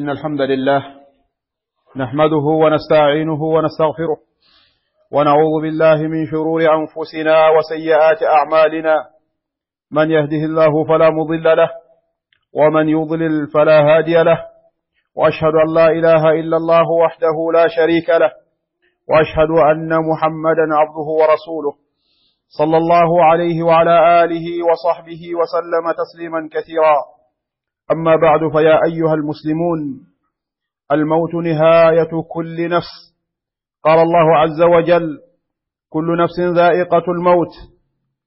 إن الحمد لله نحمده ونستعينه ونستغفره ونعوذ بالله من شرور أنفسنا وسيئات أعمالنا من يهده الله فلا مضل له ومن يضلل فلا هادي له وأشهد أن لا إله إلا الله وحده لا شريك له وأشهد أن محمدا عبده ورسوله صلى الله عليه وعلى آله وصحبه وسلم تسليما كثيرا أما بعد فيا أيها المسلمون الموت نهاية كل نفس قال الله عز وجل كل نفس ذائقة الموت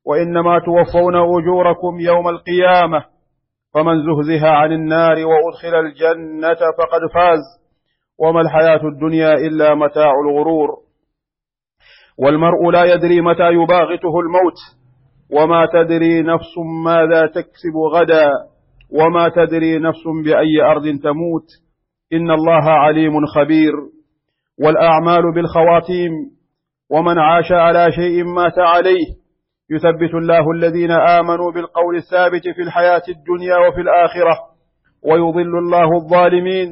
وإنما توفون أجوركم يوم القيامة فمن زهزها عن النار وأدخل الجنة فقد فاز وما الحياة الدنيا إلا متاع الغرور والمرء لا يدري متى يباغته الموت وما تدري نفس ماذا تكسب غدا وما تدري نفس باي ارض تموت ان الله عليم خبير والاعمال بالخواتيم ومن عاش على شيء مات عليه يثبت الله الذين امنوا بالقول الثابت في الحياه الدنيا وفي الاخره ويضل الله الظالمين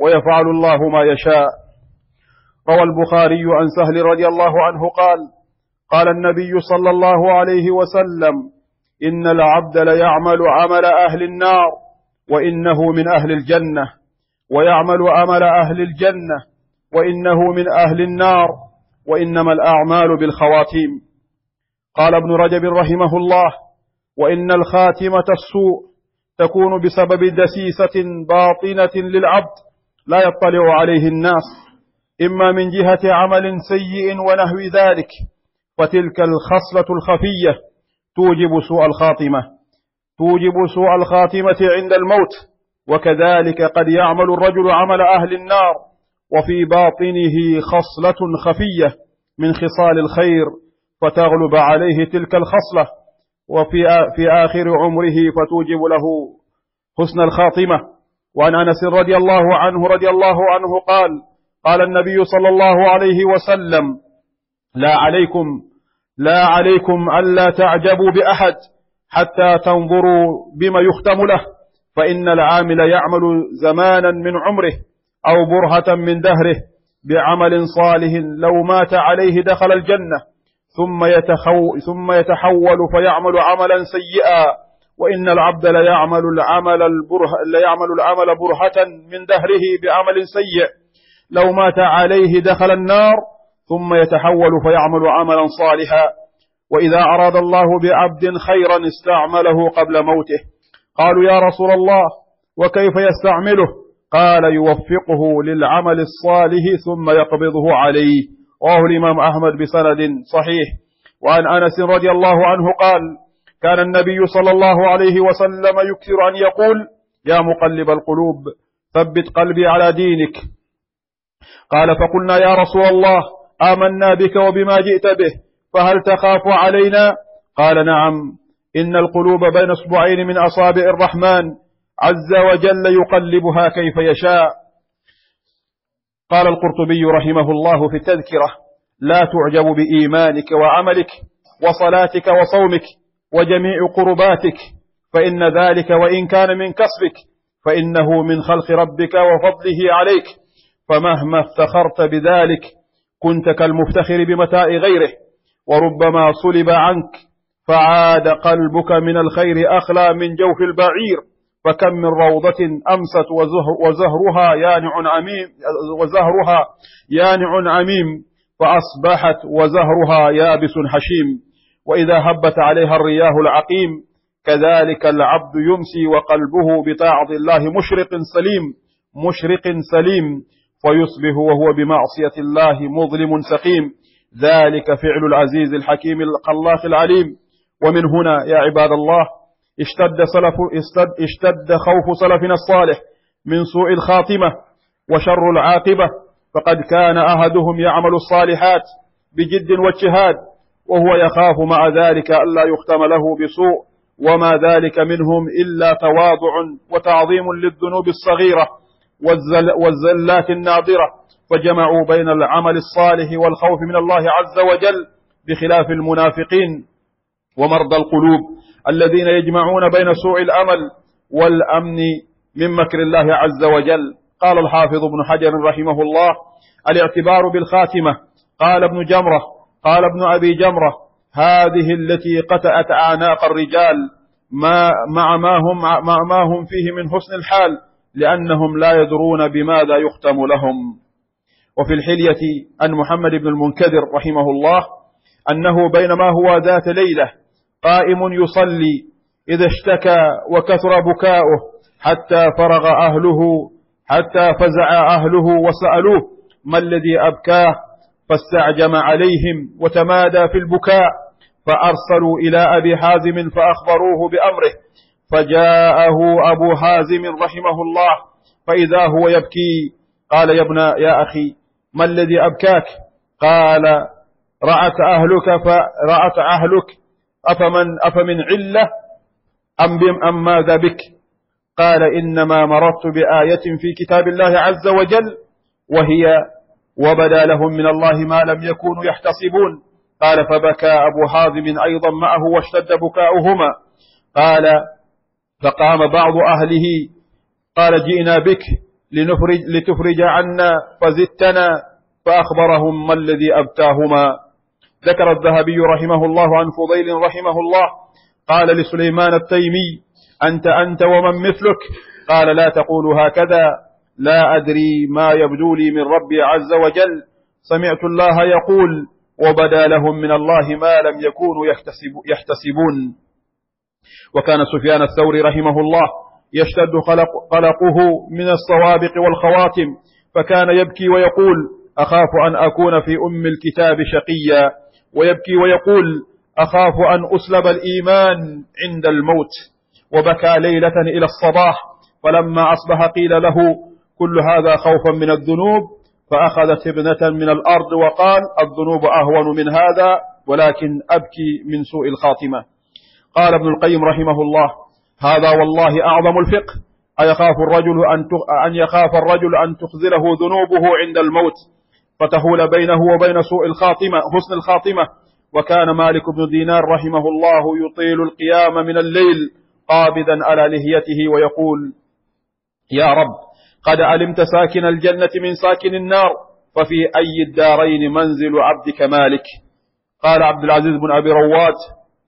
ويفعل الله ما يشاء روى البخاري عن سهل رضي الله عنه قال قال النبي صلى الله عليه وسلم إن العبد ليعمل عمل أهل النار وإنه من أهل الجنة ويعمل عمل أهل الجنة وإنه من أهل النار وإنما الأعمال بالخواتيم قال ابن رجب رحمه الله وإن الخاتمة السوء تكون بسبب دسيسة باطنة للعبد لا يطلع عليه الناس إما من جهة عمل سيء ونحو ذلك فتلك الخصلة الخفية توجب سوء الخاتمة توجب سوء الخاتمة عند الموت وكذلك قد يعمل الرجل عمل أهل النار وفي باطنه خصلة خفية من خصال الخير فتغلب عليه تلك الخصلة وفي في آخر عمره فتوجب له حسن الخاتمة وعن أنس رضي الله عنه رضي الله عنه قال قال النبي صلى الله عليه وسلم لا عليكم لا عليكم ألا تعجبوا بأحد حتى تنظروا بما يختم له فإن العامل يعمل زمانا من عمره أو برهة من دهره بعمل صالح لو مات عليه دخل الجنة ثم, يتخو ثم يتحول فيعمل عملا سيئا وإن العبد ليعمل العمل البره ليعمل العمل برهة من دهره بعمل سيء لو مات عليه دخل النار ثم يتحول فيعمل عملا صالحا وإذا أراد الله بعبد خيرا استعمله قبل موته قالوا يا رسول الله وكيف يستعمله قال يوفقه للعمل الصالح ثم يقبضه عليه رواه الإمام أحمد بسند صحيح وعن أنس رضي الله عنه قال كان النبي صلى الله عليه وسلم يكثر أن يقول يا مقلب القلوب ثبت قلبي على دينك قال فقلنا يا رسول الله آمنا بك وبما جئت به فهل تخاف علينا قال نعم إن القلوب بين اصبعين من أصابع الرحمن عز وجل يقلبها كيف يشاء قال القرطبي رحمه الله في التذكرة لا تعجب بإيمانك وعملك وصلاتك وصومك وجميع قرباتك فإن ذلك وإن كان من كسبك فإنه من خلق ربك وفضله عليك فمهما افتخرت بذلك كنت كالمفتخر بمتاع غيره وربما صلب عنك فعاد قلبك من الخير أخلى من جوف البعير فكم من روضة أمست وزهر وزهرها يانع عميم وزهرها يانع عميم فأصبحت وزهرها يابس حشيم وإذا هبت عليها الرياه العقيم كذلك العبد يمسي وقلبه بطاعة الله مشرق سليم مشرق سليم فيصبح وهو بمعصية الله مظلم سقيم ذلك فعل العزيز الحكيم الخلاق العليم ومن هنا يا عباد الله اشتد, سلف اشتد خوف سلفنا الصالح من سوء الخاتمة وشر العاقبة فقد كان أحدهم يعمل الصالحات بجد واجتهاد وهو يخاف مع ذلك ألا يختم له بسوء وما ذلك منهم إلا تواضع وتعظيم للذنوب الصغيرة والزلات الناضرة فجمعوا بين العمل الصالح والخوف من الله عز وجل بخلاف المنافقين ومرضى القلوب الذين يجمعون بين سوء الأمل والأمن من مكر الله عز وجل قال الحافظ ابن حجر رحمه الله الاعتبار بالخاتمة قال ابن جمرة قال ابن أبي جمرة هذه التي قتأت أعناق الرجال ما مع ما هم مع ما هم فيه من حسن الحال لأنهم لا يدرون بماذا يختم لهم وفي الحلية عن محمد بن المنكدر رحمه الله أنه بينما هو ذات ليلة قائم يصلي إذا اشتكى وكثر بكاؤه حتى فرغ أهله حتى فزع أهله وسألوه ما الذي أبكاه فاستعجم عليهم وتمادى في البكاء فأرسلوا إلى أبي حازم فأخبروه بأمره فجاءه أبو حازم رحمه الله فإذا هو يبكي قال يا ابن يا أخي ما الذي أبكاك قال رأت أهلك فرأت أهلك أفمن, أفمن علة أم, أم ماذا بك قال إنما مرضت بآية في كتاب الله عز وجل وهي وبدا لهم من الله ما لم يكونوا يحتصبون قال فبكى أبو حازم أيضا معه واشتد بكاؤهما قال فقام بعض أهله قال جئنا بك لنفرج لتفرج عنا فزدتنا فأخبرهم ما الذي أبتاهما ذكر الذهبي رحمه الله عن فضيل رحمه الله قال لسليمان التيمي أنت أنت ومن مثلك قال لا تقول هكذا لا أدري ما يبدو لي من ربي عز وجل سمعت الله يقول وبدا لهم من الله ما لم يكونوا يحتسب يحتسبون وكان سفيان الثوري رحمه الله يشتد قلق قلقه من الصوابق والخواتم فكان يبكي ويقول أخاف أن أكون في أم الكتاب شقيا ويبكي ويقول أخاف أن أسلب الإيمان عند الموت وبكى ليلة إلى الصباح فلما أصبح قيل له كل هذا خوفا من الذنوب فأخذت ابنة من الأرض وقال الذنوب أهون من هذا ولكن أبكي من سوء الخاتمة قال ابن القيم رحمه الله هذا والله أعظم الفقه أيخاف الرجل أن أن يخاف الرجل أن تخذله ذنوبه عند الموت فتهول بينه وبين سوء الخاتمة حسن الخاتمة وكان مالك بن دينار رحمه الله يطيل القيام من الليل قابضا على لهيته ويقول يا رب قد علمت ساكن الجنة من ساكن النار ففي أي الدارين منزل عبدك مالك قال عبد العزيز بن أبي رواد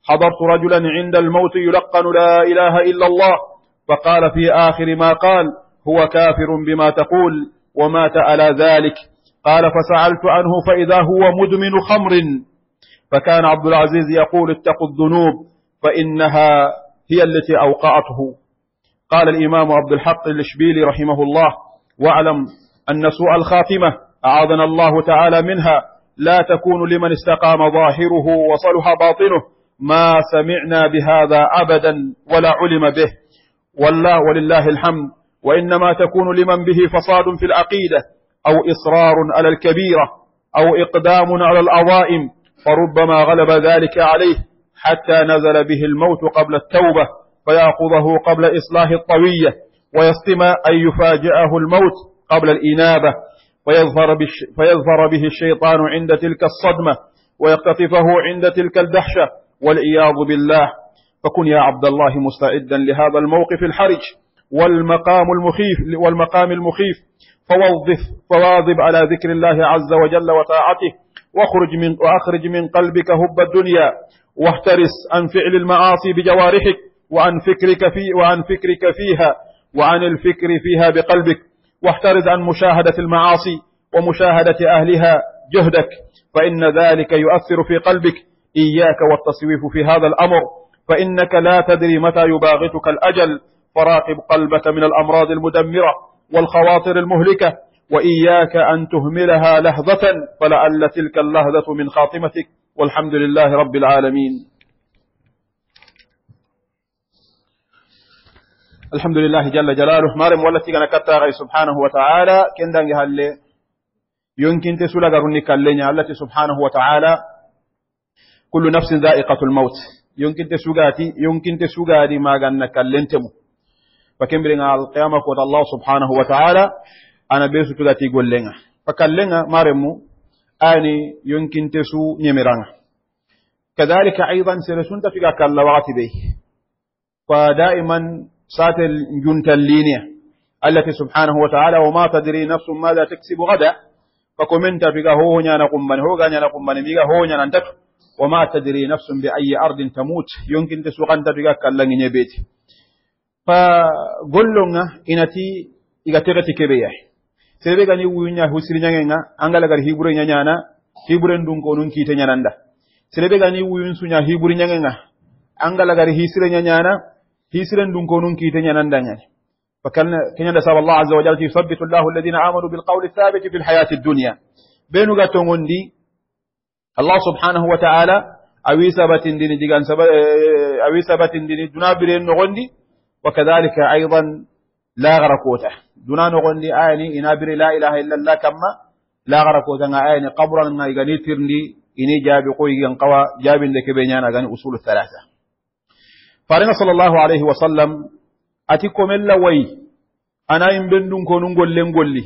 حضرت رجلا عند الموت يلقن لا إله إلا الله فقال في آخر ما قال هو كافر بما تقول ومات على ذلك قال فسألت عنه فإذا هو مدمن خمر فكان عبد العزيز يقول اتقوا الذنوب فإنها هي التي أوقعته قال الإمام عبد الحق الإشبيلي رحمه الله واعلم أن سوء الخاتمة أعاذنا الله تعالى منها لا تكون لمن استقام ظاهره وصلح باطنه ما سمعنا بهذا أبدا ولا علم به والله ولله الحمد وإنما تكون لمن به فصاد في العقيدة أو إصرار على الكبيرة أو إقدام على العظائم فربما غلب ذلك عليه حتى نزل به الموت قبل التوبة فيأخذه قبل إصلاح الطوية ويصطم أن يفاجئه الموت قبل الإنابة فيظهر, فيظهر به الشيطان عند تلك الصدمة ويقتطفه عند تلك الدهشة والعياذ بالله فكن يا عبد الله مستعدا لهذا الموقف الحرج والمقام المخيف والمقام المخيف فوظف فواظب على ذكر الله عز وجل وطاعته واخرج من واخرج من قلبك هب الدنيا واحترس عن فعل المعاصي بجوارحك وعن فكرك في وعن فكرك فيها وعن الفكر فيها بقلبك واحترز عن مشاهدة المعاصي ومشاهدة أهلها جهدك فإن ذلك يؤثر في قلبك إياك والتصويف في هذا الأمر فإنك لا تدري متى يباغتك الأجل فراقب قلبك من الأمراض المدمرة والخواطر المهلكة وإياك أن تهملها لحظة فلعل تلك اللحظة من خاتمتك والحمد لله رب العالمين الحمد لله جل جلاله مارم والتي كان كتاغي سبحانه وتعالى كندنجها اللي يمكن تسولغرني كاللينيا التي سبحانه وتعالى كل نفس ذائقة الموت يمكن تسوغاتي يمكن تسوغاتي ما غنى كلنتمو فكم بين القيامة قد الله سبحانه وتعالى أنا بيسو تغاتي قول لنا فكلنا مارمو آني يمكن تسو نمرانا كذلك أيضا سنسون تفقا كاللوات به فدائما سات الجنت اللينية التي سبحانه وتعالى وما تدري نفس ماذا تكسب غدا فكمنت فقا هو نانا قمبان هو نانا قمبان ميقا هو نانا انتكو وما تدري نفس بأي أرض تموت يمكن تسوغان تدريك كاللن نبيت فقلنا إنتي إغتغت كبيه سيبه غني وينيا حسر نيانا أنغالا غر هيبور نيانا هيبور دون كونون كيت نيانا سيبه غني سنيا هيبور نيانا أنغالا غر هسرين نيانا هيسر دون كونون كيت نيانا فكان كان سال الله عز وجل يثبت الله الذين آمنوا بالقول الثابت في الحياة الدنيا بينو غاتونغوندي الله سبحانه وتعالى أوي سبت دين جيغان سبت أوي سبت دين دنا برين نغندي وكذلك أيضا لا غرقوته دنا نغندي آيني إنا بري لا إله إلا الله كما لا غرقوته آيني قبرا نغاني ترني إني جاب قوي ينقوى جاب لك بينيانا غني أصول الثلاثة فارنا صلى الله عليه وسلم أتكم إلا وي أنا إن بندن كونون قولين لي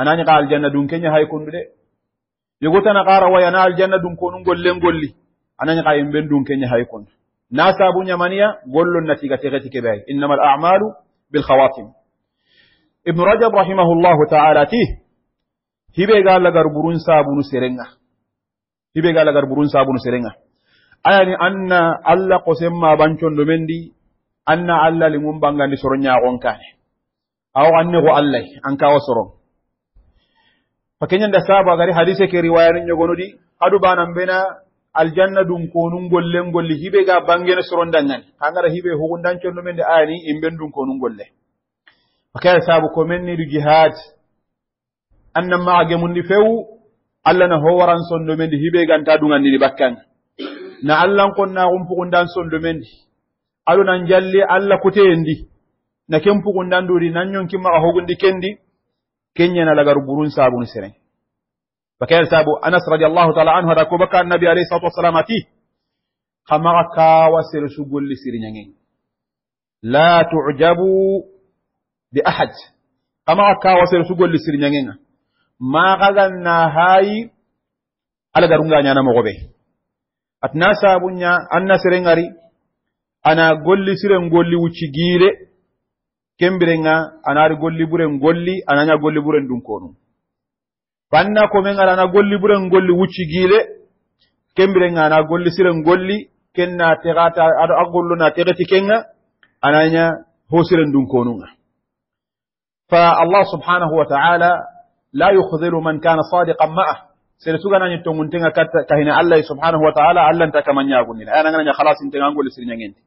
أنا نقال جنة دون كنيا هاي كون بدي yegotana kara waya na aljanna dun konun gollen golli anan ka yemben dun kenya hay kon na sabu nyamaniya gollon nati ga tege tike bay innamal a'malu bil khawatim ibn rajab rahimahullahu ta'ala ti hibe ga lagar burun nu serenga hibe ga lagar burun nu serenga ayani anna alla ma bancon do mendi anna alla limum bangandi soronya gonkane aw anne go allai an kawo soron Sabu a gari hadise ke riwayanin yogonudi adu banan bena aljanna dun konun golle golle hibe ga bangene nan hangara hibe hugundan conno men de ani imben dun konun golle fakaya sabu ko men ni du jihad annan maage mun ni fewu allah na horan sondo men di hibe ganta dungandi ni bakkan na allah kon na gum dan sondo men di alu nan jalli allah kutendi na kem pugundan duri nan nyonki maga hugundi kendi kenyana lagar burun sabun sene bakay sabu anas radiyallahu ta'ala anhu da ko baka annabi alayhi salatu wassalam ati khamaka ka wasir su sirinyange la tu'jabu bi ahad khamaka ka wasir su sirinyange ma gaganna hayi alagar nganya na mogobe atna sabunya anna sirengari ana golli siren golli wuci gire nga anaari golli buren golli ananya golli buren ɗum ko men ala na golli buren golli wucci kembire nga ana golli siren golli kenna tegata ado a gollona tegati kenga ananya ho siren ɗum nga fa allah subhanahu wa taala la yukhdilu man kana sadiqan ma'ah sere suganani tonguntenga kahina allah subhanahu wa taala allan allahntakamanñagundina ayanangananya halasintenga an golli sirñangenti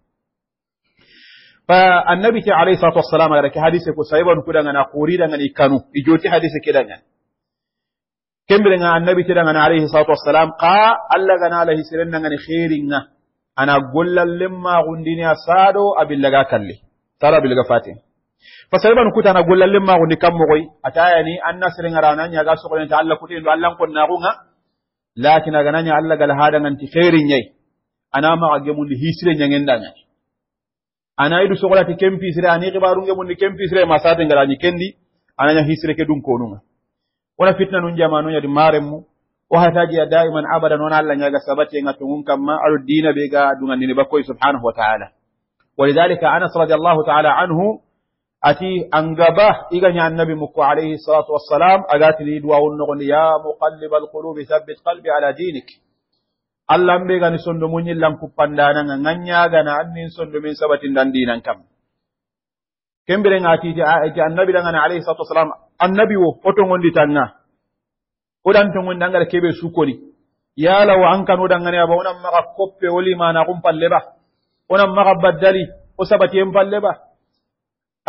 fa annabi ke alayhi salatu wassalam ada ke hadise ko sayban ku daga na qori daga ni kanu ijoti hadise ke daga kembe daga annabi ke daga na alayhi salatu wassalam qa alla alayhi sirin daga ni na ana gollal lemma gundini asado abillaga kalli tara bilga fatin fa sayban ku tana gollal lemma gundi kam moy ataya ni anna sirin arana nya ga so ko ta alla ku tin do allan kon na gunga lakin aga nanya alla gal hada nganti khairin ana ma age mun hisire nyangen daga anayidu sokolati kempisire ani kibarunge munni kempisire masate ngalañi kendi ananya hisire ke ɗum konunga wona fitna nun jamanu yadi maren mu o hataji ya daiman abadan wona allah ñaga sabati e gatto ngun kamma aɗo dina ɓe ga ɗugandini bakkoye subhanahu wa taala walidalika anas radiallahu taala anhu ati angaba iganya annabi mukko alayhi salatu wassalam agatini duwawunnogondi ya muqalliba alqulubi thabbit qalbi ala dinik allah mbe gani sondo muñillan kuppandananga ganñagana annin sondo min sabatindan dinan kam kembere nga titi ti annabi dangana alayhi salatu wasalam annabi wo oto gonditanga oɗan to ngondi angara kebe sukoni yalawo an kan oɗangani aba onan maga koppe wolimana kum palle ba onan maga baddali o sabati en palle ba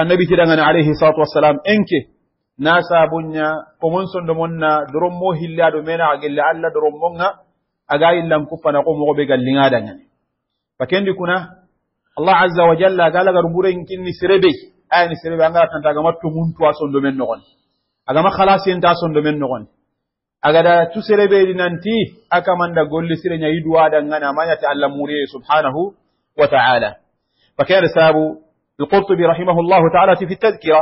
annabi tiɗangani alayhi salatu wasalam enke na sabunya komon sondo monna doron mo hillado mena a gelle allah doron monga aga illan kuffana ko mo be gallinga dangane pakendi kuna allah azza wa jalla gar lagar ngin ni sirebe ni sirebe anga matu mun matto aso ndo men gon aga ma en ta ndo men gon aga da tu sirebe nanti aka manda golli sire nya idwa ngana ma ta allah muri subhanahu wa ta'ala fakar sabu القرطبي رحمه الله تعالى في التذكرة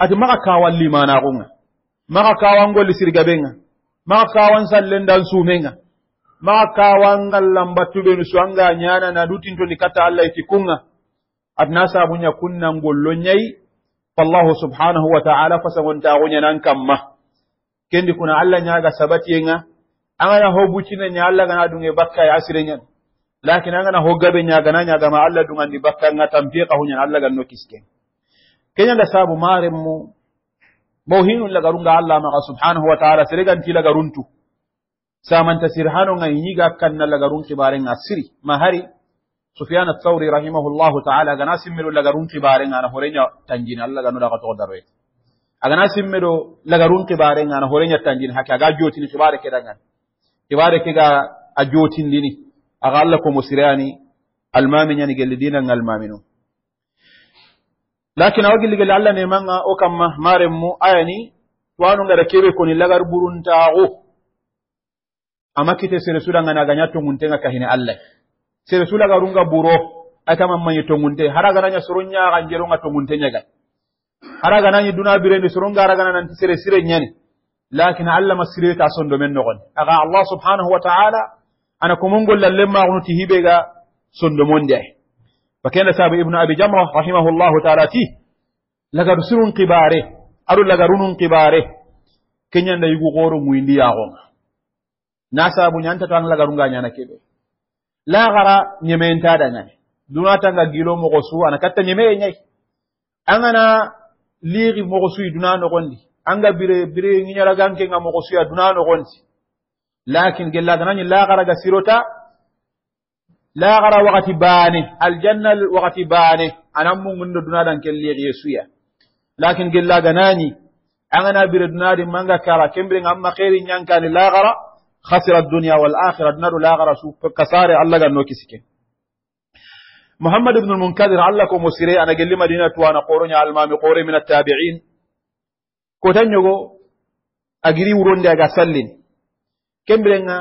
أتمغى كاوان لما ناغونا مغى كاوان قول لسرقبين مغى كاوان سلندان سومين maka wangal lambattubenu nyana anga duti ɗutintoni nikata allah iti kunga munya kunna ngollo nyai fallahu subhanahu wa taala fasagontaxuñanan kamma kendi kuna allah sabati sabatiyenga angana ho buccina nya allah gana ɗunge bakka e asireñan lakin angana ho gabe dunga ni bakka nga tampiqa hunya allah gan no kisken da sabu maren mu mawhinun lagarunga allah maxa subhanahu wa taala garuntu samanta sirhano ngai nyiga kanna lagarun kibaren asiri mahari sufyan at-thawri rahimahullahu ta'ala gana simmiru lagarun kibaren ana horenya tanjina Allah ganu daga to darwe agana simmiru lagarun kibaren ana horenya tanjina hakka ga jotini kibare ke dangan kibare ke ga ajotin dini aga Allah ko musirani almamin yani gelidina ngalmaminu lakin awagilli gelalla ne manga o kamma maremmu ayani wanu ngara kebe koni lagar burunta o amma kite sere sura ngana ganya tongunte nga kahine allah sere sula garunga buro aka mamma ye tongunte hara gana nya surunya ga jero nga tongunte nya ga hara gana ni duna bire ni surunga hara gana nan sere sire nyani lakin allah masire ta do men gon aga allah subhanahu wa ta'ala ana kumungol lalle ma gunuti hibe ga sondo monde bakenda sabu ibnu abi jamrah rahimahullahu ta'ala ti laga surun kibare aru runun kibare kenyanda yugo goro muindi ya na sabu nyana kebe an gara ñana ta lagara ñementada ñani nga gilo mogo su ana katta anana liri mo liiri su iduna no gondi anga bire bire ñiñaragankenga su suya duna gondi lakin gara ga sirota janna wakati bani. Ana mo ngundo duna dan ke liri yesu suya lakin gellaganañi angana bire di manga nga kembire khairi nyankani la gara khasira dunya wal akhirah nadu la garasu kasare Allah ga noki sike Muhammad ibn al-Munkadir Allah ko musire ana gelli Madina to ana qoronya almami qore min at-tabi'in ko tanyogo agiri wuronde aga sallin kembirenga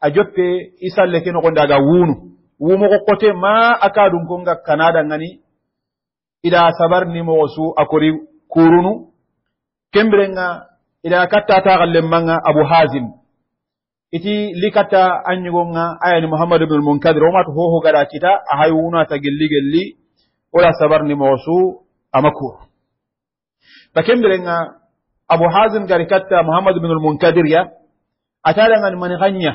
a joppe isalle ke nogonde aga wunu wumogo kote ma akadum konga kanada ngani ida sabarni mogo su akori kurunu kembirenga ida katta taxallen manga abu hazim iti likata aya ni muhammad ibn al-munkadir ho ho gada kita ahay gilli gelli gelli sabar ni mawsu amaku bakembirenga abu hazim gari katta muhammad ibn al-munkadir ya atadangan mani ganya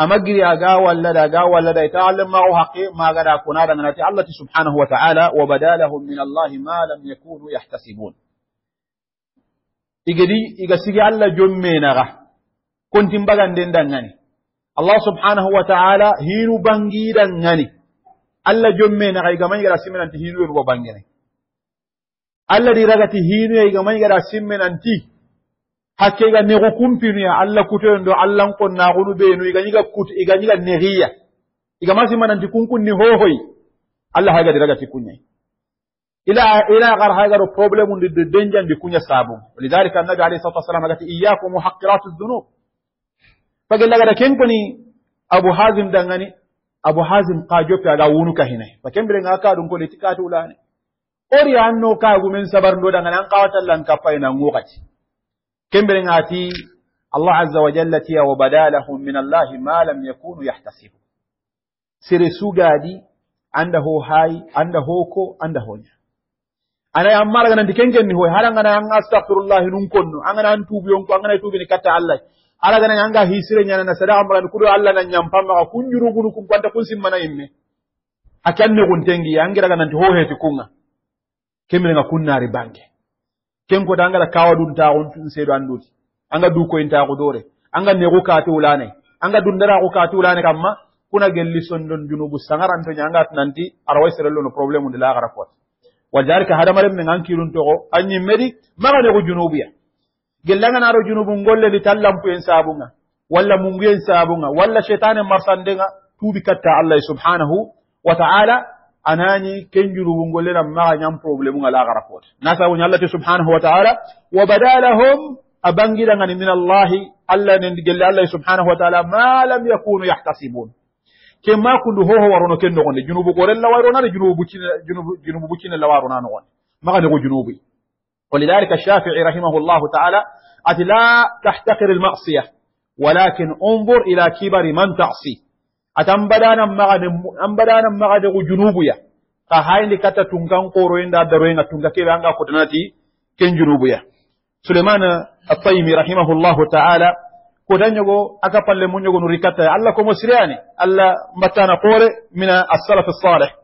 amagri aga walla da walla da ita alim ma'u haqi ma gada kuna da nati allah subhanahu wa ta'ala wa badalahum min allah ma lam yakunu yahtasibun igedi igasigi allah ga kontin baganden dangani allah subhanahu wa taala hinu bangi dangani allah jomme naxa igamani gada simmenanti hinu yenugo bangene allah di ragati hinu ye igamani gada simmenanti hakke iga nexu kumpinuya allah kutoyen do allahnqon naxunu ɓeenu igañiga kut igañiga nexiya igama simmananti kunkunni hohoy allah haygadi ragati kuñay ila ila gar haygaro probléme undi de denjandi kuña saabum walidalika annabi alayhi salatu wasalam agati iyakum muhaqiratu dhunub fagella gada kenkoni abu hazim dangani abu hazim ka joppe aga wunu kahine fa kembere nga ka dun kole tikatu ulane ori anno ka gumen sabar ndo dangani an qawatal lan kappa ina ngukati kembere nga ti Allah azza wa jalla tiya wa badalahum min Allah ma lam yakunu yahtasibu sire sugadi anda ho hai anda hoko anda honya ana ammara ganan dikengen ni hoy haranga na an astaghfirullah nun konno angana an tubi on ko angana tubi ni katta Allah ala gana nyanga hisire nyana na sadaka mbaga kudo alla na nyampamba ka kunjuru gunu simma na imme akanne tengi yangira gana nti hoheti kunga kemire nga ri bange ken ko dangala kawa dun ta on tun sedo anduti anga du ko inta ko dore anga ne ko ka to ulane anga dun dara ko ka to ulane kamma kuna gelli sondon junubu sangara to nyanga nanti arwai serello no problemu de la gara ko wajarika hadamare men ankirun to ko anyi medi maga ne ko junubiya gellanga naro junubun golle li tallampu en sabunga walla mungu en sabunga walla shaytanen marsandenga tuubi katta allah subhanahu wa ta'ala anani ken junubun golle nan maga nyam problemu ngala gara kote nasabu nyalla te subhanahu wa ta'ala wa badalahum abangira ngani min allah allah nen gelle allah subhanahu wa ta'ala ma lam yakunu yahtasibun ke ma kundu hoho warono ken nogonde junubu gorella wayrona de junubu bucina junubu bucina la warona nogonde maga ne go junubu ولذلك الشافعي رحمه الله تعالى أت لا تحتقر المعصية ولكن انظر إلى كبر من تعصي أتنبدانا مغد أنبدانا مغد جنوبيا كهاين لكتا تنقن قروين دا دروين تنكا كيبا أنغا قدناتي كن جنوبيا سليمان الطيمي رحمه الله تعالى قدن yogo أكبر لمن mun نريكتا ألا كمسرياني ألا متانا قوري من السلف الصالح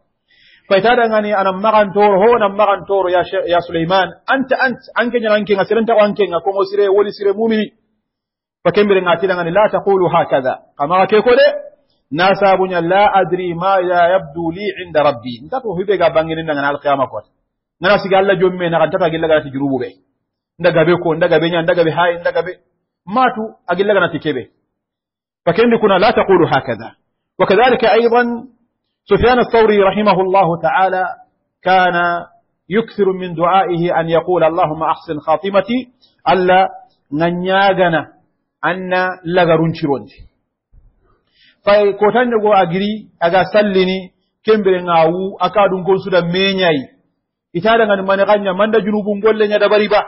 فيتادغني أنا مغان تور هو أنا مغان تور يا, يا سليمان أنت أنت أنك يا أنك أنت أنك كومو سيري ولي سيري مومي مؤمني فكمبر ناتلغني لا تقول هكذا كما أما ناسا بني لا أدري ما يبدو لي عند ربي أنت نتاتو بانين بانجين نغان القيامة كوت نانا سيغا الله جمعي نغان تاتا جلغا ناتي جروبو بي ndaga be ko ndaga be nya ndaga be hay ndaga be matu agillaga natikebe فكان يكون لا تقول هكذا وكذلك أيضا سفيان الثوري رحمه الله تعالى كان يكثر من دعائه أن يقول اللهم أحسن خاتمتي ألا ننياغنا أن لغرون شروندي fay kotanɗego agiri aga sallini kembere ngawu aka ɗum gon suda meñayi itaɗa ngani mane kanya manda junubun golle ñada bari ba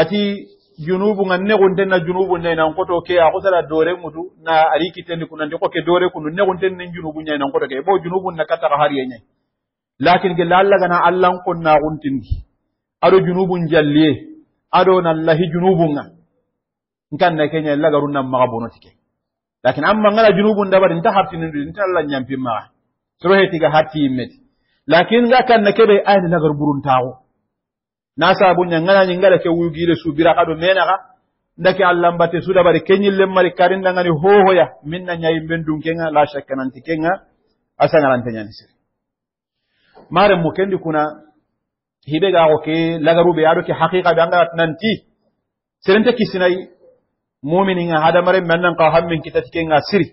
ati junubu nga ne gonten na junubu ne na ngoto ke a kusala dore mutu na ariki kitendi kuna ndiko ke dore kunu ne gonten ne junubu ne na ngoto ke bo junubu na kata har yenye lakin ge lalla gana allan kon na guntindi ado junubun jalliye ado na lahi junubun nga nkan na kenya laga runna maga bono tike lakin amma ngala junubun nda bari ta hartinin din nta Allah nyampi ma soro heti ga hatti imeti lakin ga kan na kebe ayni lagar burun tawo na sabu nyangana nyingara ke wugire su bira kado menaga ndake allambate suda bari le mari karinda ngani hoho ya minna nyai mbendun kenga la shakka nanti kenga asanga lante nyani sir mare mukendi kuna hibe ga ko ke lagaru be ado ke haqiqa be anga nanti serente kisinai mu'mini nga hada mare mannan ka hammin kitati kenga siri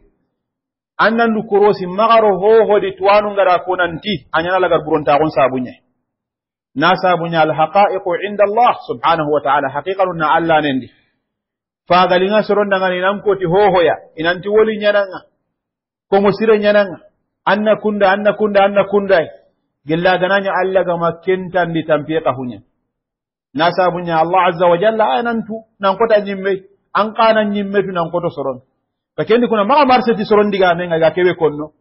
annan du korosi magaro hoho di tuwanu ngara ko nanti anyana lagar buronta kon sabunya Na ya alhaƙa iko inda Allah subhanahu wa ta'ala haqiqanun na Allah nendi fagalinga sorondanga koti hohoya inanti woli nyananga komosire an na kunda na kunda na kunda gilla gananya Allah ga makenta ndi ka hunya nasa ya Allah azza wa jalla nan kota nyimme an kana nyimme tu nankoto soron kakendi kuna ma ti sorondi ga menga ga kewe konno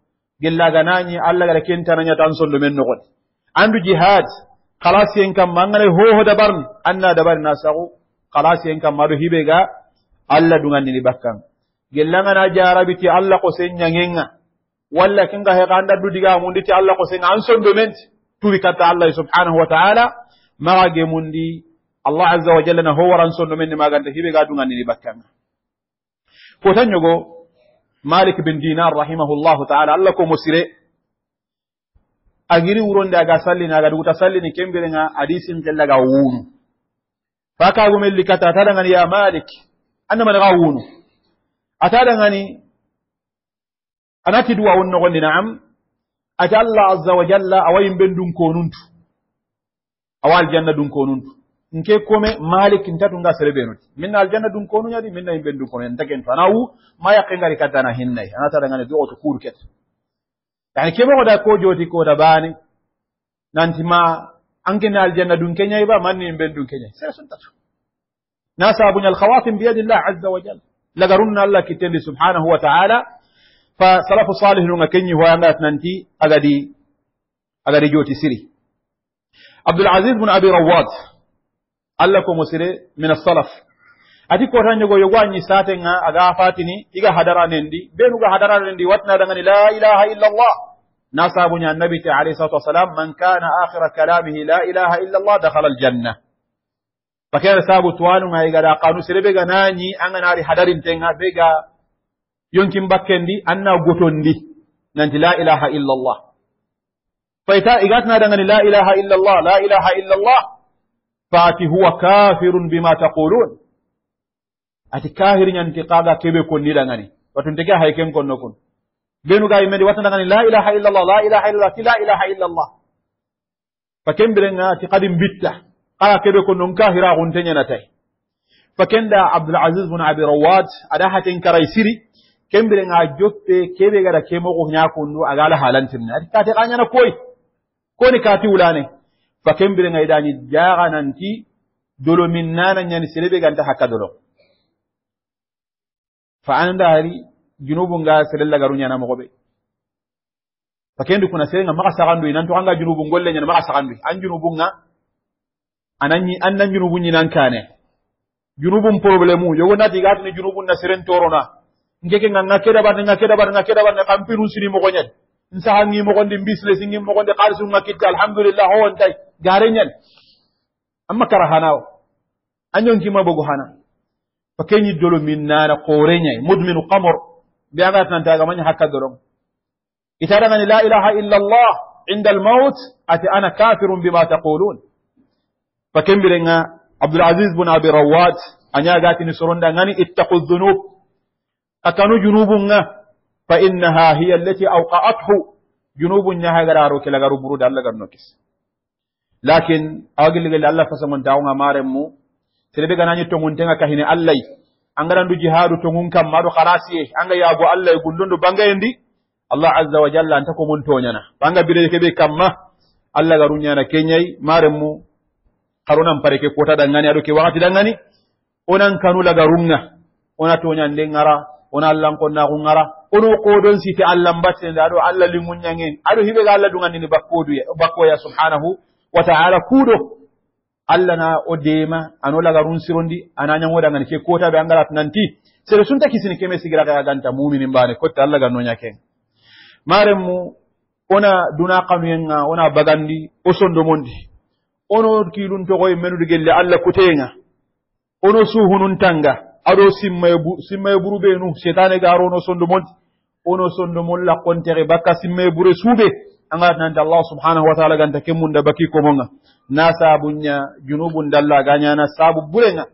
gilla gananyi Allah ga kenta nanya tan sondo men An andu jihad kalasi yin kan mangane hoho da barni an na da barni na sago kalasi yin kan maru hibe ga Allah dungan ni libakan gelanga na jara biti Allah ko sen nyangenga walla kin ga he ga anda diga mun diti Allah ko sen an son do ment tu bi kata Allah subhanahu wa ta'ala ma ga mun di Allah azza wa jalla na ho waran son do hibe ga dungan ni Malik bin Dinar rahimahullahu ta'ala Allah ko musire agiri wuronde aga sallini aga duguta sallini hadisi hadisin ga wunu faka gumel likata kata atadangani ya malik anna annamana ga wunu atadangani anati duwa on nogondi naam ajalla azza wa jalla awayim bendun dun konuntu awal janna dun konuntu nke kome malik ntatu nga sere benoti minna janna dun konuñadi minna yimɓen dun kono en tagen to ana wu ma yakke ngari kaddana hinnay anatadangani duwo to kuur kete yani kemo keɓogoɗa ko joti koota baani nantima ankena aljanna ɗum keñay ba manni en ɓen ɗum keñay sera suntata na sabuñal hawatim biyadillah azza wa jal lagarunna allah kitendi subhanahu wa taala fa salafu kenyi keñi hoyangat nanti agadi agadi joti siri abdoul asis bun abi rawat allah komo sire min ati kota ñogoyo go añi sate nga aga fatini iga hadara hadara nendi benu ga nendi watna daga ni la ilaha illa allah na sabuña ta alayhi salatu wasalam man kana akhir kalamihi la ilaha illa allah dakhala aljanna fakira sabu ma iga da qanu sirbe ga nañi anganari hadarintenga ɓe bega yonkin bakkendi anna gotondi nanti la ilaha illa allah فإذا إجاتنا دعني لا إله إلا الله لا إله إلا الله فأتي هو كافر بما تقولون ati kahir ñanti kaga ni dangani. watun tege a hay ken benu gay ɓenuga watun dangani la ilaha illallah la ilaha illallah ti la ilaha illallah fa kembirenga ti qadim bitta kala kebe kon non kahira tay fa abdul aziz bin abi rawad aɗa haten karay siri kembirenga joppe keɓe gaɗa kemoko ñakondu agala halantirne ati kate kañana koy koni kati ulane fa kembirenga yiɗañi dolo dolomin nana nyani selebe ganta hakka dolo. fa ananda hari junubun ga serella garu nyana mo gobe pakendi kuna serenga maka sagandu inan to anga junubun golle nyana maka sagandu an junubun nga ananyi annan junubun nyinan kane junubun problemu yogo nati ga tni junubun na seren torona ngeke nga ngake da bar ngake da bar ngake da bar kampiru sini mo gonyal insa hangi mo gondi bisle singi mo gondi qarsu ngakitta alhamdulillah ho ontai garenyen amma karahanawo anyon kima bogo hana فكيني دولو من نار قوريني مدمن قمر بأغاتنا انتا اغاماني حكا دولو إتارة لا إله إلا الله عند الموت أتي أنا كافر بما تقولون فكين برنا عبد العزيز بن أبي رواد أنيا ذاتي نسرون دانغاني اتقوا الذنوب أكانوا جنوبنا فإنها هي التي أوقعته جنوب نها غرارو كلا غرو برود الله غرنوكس لكن أقل لغل الله فسمن داونا مارمو serebe ganani tonguntenga kahine allahy angarandu jihadu tongun kam maɗo halasiye anga go allah e banga bangayendi allah azza wa jalla anta ko mun toñana banga bireje keɓe kamma allah ga na kenyai maren mu karonan pare ke kota dangani aɗo ke wakati dangani onan la runga ona toñande ngara ona allahnkonnaku ngara ono don site allah mbattende do allah linguñangen aɗo hibe ga allah dugandini bakkoduye ya subhanahu wa taala kuuɗo Allah na o deema ano lagarun sirondi ana ñangoɗangani ke kotaɓe angarat nanti sere sunta kisini keme sigirata ganta muminin k'o ta allah ganno ñaken maren mu ona duna kanuyenga ona bagandi o sondomondi ono kilun togoye menude gelle allah kuteyenga ono suhununtanga aɗo simmaye simmaye buru ɓe nu setane garo ono sondomondi ono sondomol la kontere bakka simmaye bure suuɓe angat nanti Allah subhanahu wa ta'ala ganta kimun da baki kumunga. Na sabunya junubun dalla ganya na sabu bulenga.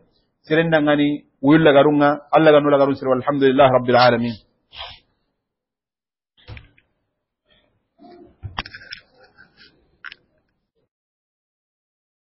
Sirenda ngani uyulla garunga. Allah ganula garun siru. Alhamdulillah rabbil alamin.